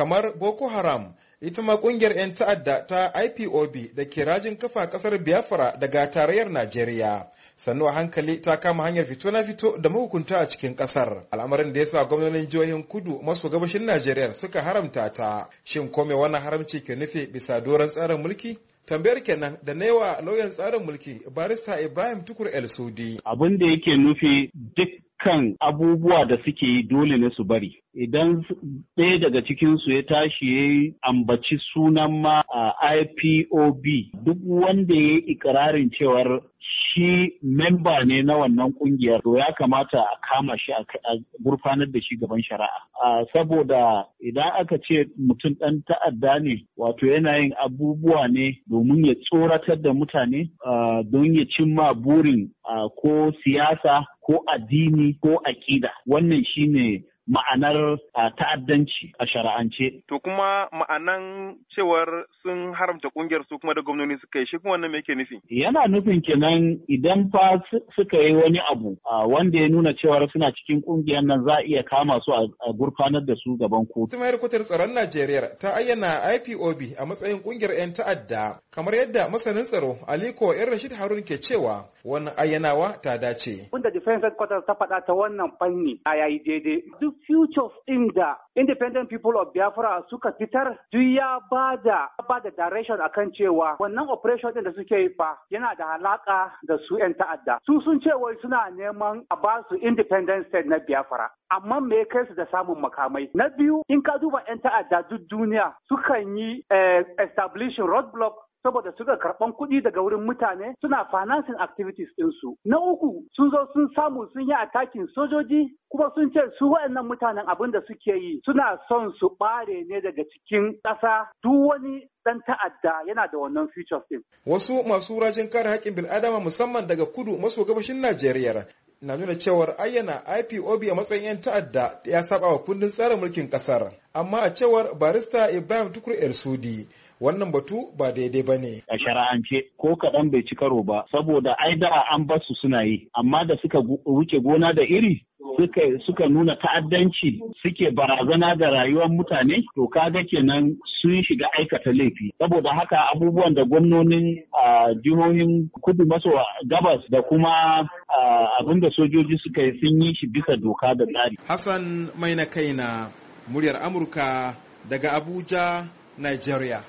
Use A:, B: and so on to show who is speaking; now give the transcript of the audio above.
A: kamar boko haram ita ma kungiyar 'yan ta'adda ta ipob da ke rajin kafa kasar biafra daga tarayyar najeriya sannu a hankali ta kama hanyar fito na fito da mahukunta a cikin kasar al'amarin da ya sa gwamnonin jihohin kudu maso gabashin najeriya suka haramta ta shin kome wannan haramci ke nufi bisa doron tsarin mulki tambayar kenan da naiwa lauyan tsarin mulki barista ibrahim tukur el sudi
B: abin da yake nufi duk dukkan abubuwa da suke yi dole ne su bari. Idan ɗaya daga cikinsu ya tashi ya ambaci sunan ma a IPOB duk wanda ya yi ikirarin cewar shi memba ne na wannan kungiyar to ya kamata a kama shi a gurfanar da shi gaban shari'a saboda idan aka ce mutum ɗan ta'adda ne wato yana yin abubuwa ne domin ya tsoratar da mutane don ya cimma burin ko siyasa ko addini ko aƙida wannan shine ma'anar ah, ta'addanci a
A: shari'ance. To kuma ma'anan cewar sun haramta kungiyar su kuma da gwamnoni suka yi shi kuma wannan me yake nufi?
B: Yana nufin kenan idan fa suka yi wani abu ah, wanda
A: ya nuna cewar suna cikin kungiyar nan za a iya kama su a gurfanar da su gaban kotu. Tumai rikutar tsaron Najeriya ta ayyana IPOB a matsayin kungiyar 'yan ta'adda kamar yadda masanin tsaro Aliko Yar Rashid Harun ke cewa wannan ayyanawa ta dace.
C: da Defense Headquarters ta faɗa ta wannan fanni a yayi daidai duk futures ɗin da independent people of Biafra suka fitar duk ya bada da da direction akan cewa wannan operation din da suke yi fa yana da alaka da su 'yan ta'adda. Su sun ce wai suna neman a ba su independent state na Biafra. amma me ya kai su da samun makamai. Na biyu in ka duba 'yan ta'adda duk duniya sukan yi eh, establishing roadblock saboda suka karɓan kuɗi daga wurin mutane suna financing activities ɗinsu. Na uku sun zo sun samu sun yi attacking sojoji kuma sun ce su waɗannan mutanen abin da suke yi suna son su ɓare ne daga cikin ƙasa duk wani dan ta'adda yana da wannan features din.
A: Wasu masu rajin kare haƙƙin bil'adama musamman daga kudu maso gabashin Najeriya na nuna cewar ayyana IPOB a matsayin 'yan ta'adda ya saba wa kundin tsarin mulkin kasar. Amma a cewar barista Ibrahim Tukur El Sudi wannan batu ba daidai ba ne. A shara'ance ko kaɗan bai ci karo ba saboda ai da an basu suna yi amma da suka wuce
B: gona da iri suka, nuna ta'addanci suke barazana da rayuwar mutane to kaga kenan sun shiga aikata laifi saboda haka abubuwan da gwamnonin
A: jihohin kudu maso gabas da kuma Ah, abin da sojoji suka yi sun yi shi bisa doka da tsari. Hassan mai na kai na muryar Amurka daga Abuja, Nigeria.